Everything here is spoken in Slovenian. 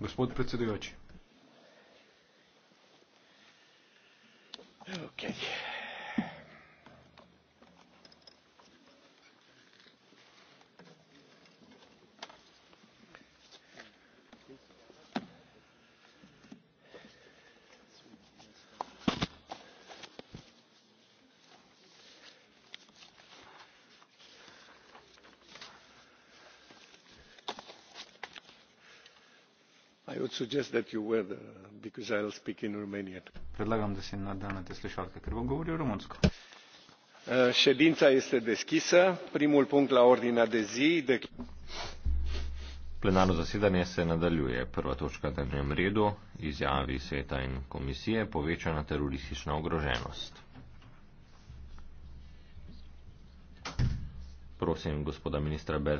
Gospod predsedujoči. Okay. predlagam da si nadenete slušalke ker bom govoril romunsko. Uh, plenarno zasedanje se nadaljuje prva točka na dnevnem redu izjavi sveta in komisije povečana teroristična ogroženost. Prosim gospoda ministra Bert.